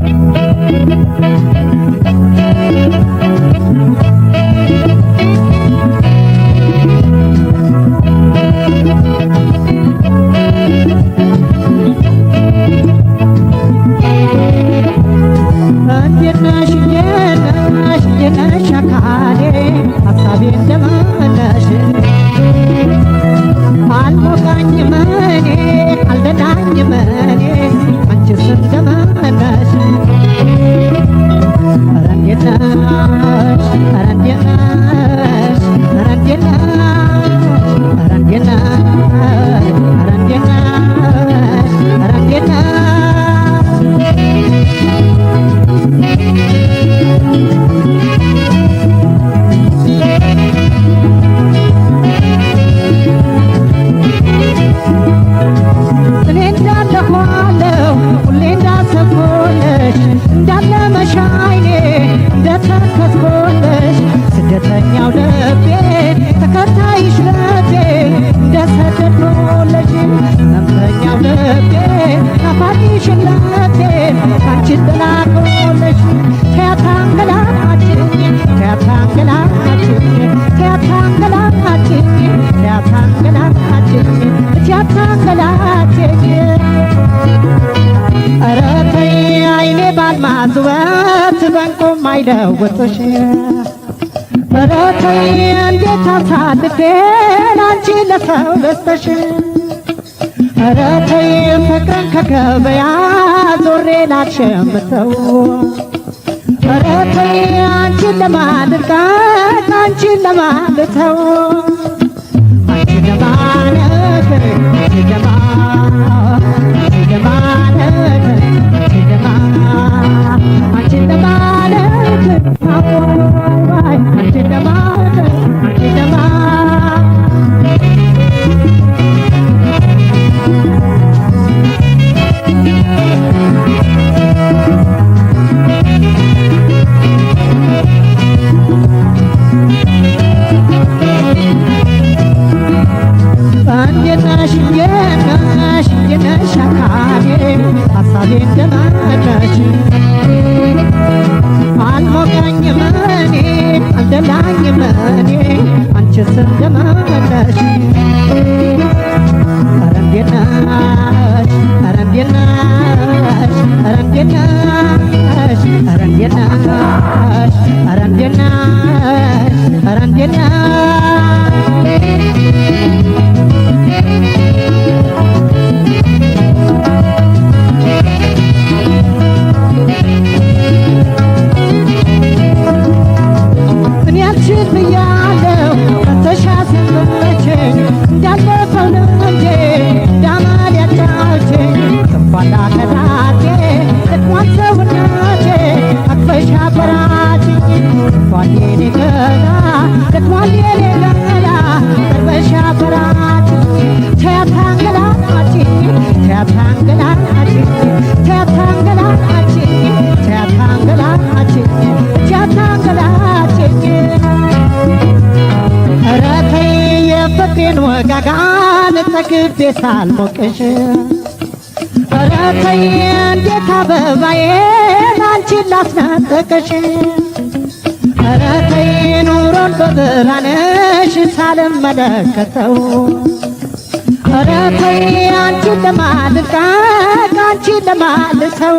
Thank you. ሸላቴ አንቺን በላቆለሽ ከያታንገላችን ከያታንገላችን እንዴት አሳልፌ አንቺን ለሰው ለስተሽ ኧረ ተይ ፍቅርን ከገበያ ዞሬ ላሸምተው። ኧረ ተይ አንቺን ለማልቃት አንቺን ለማልተው አንቺን ለማነገር አንቺን ለማ ልጠግቤ ሳልሞቅሽ ኧረ ተይ እንዴት አበባዬ አንቺን ላስናጠቅሽ ኧረ ተይ ኑሮን በብርሃንሽ ሳልመለከተው ኧረ ተይ አንቺን ለማልቃቅ አንቺን ለማልተው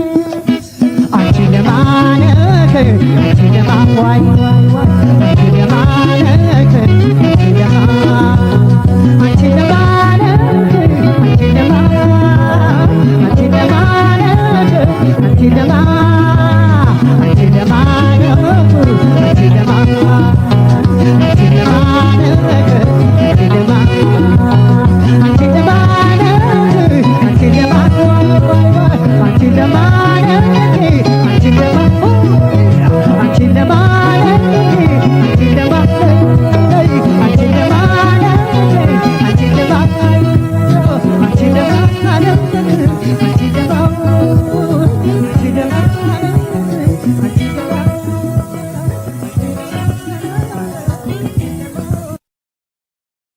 ሲደማ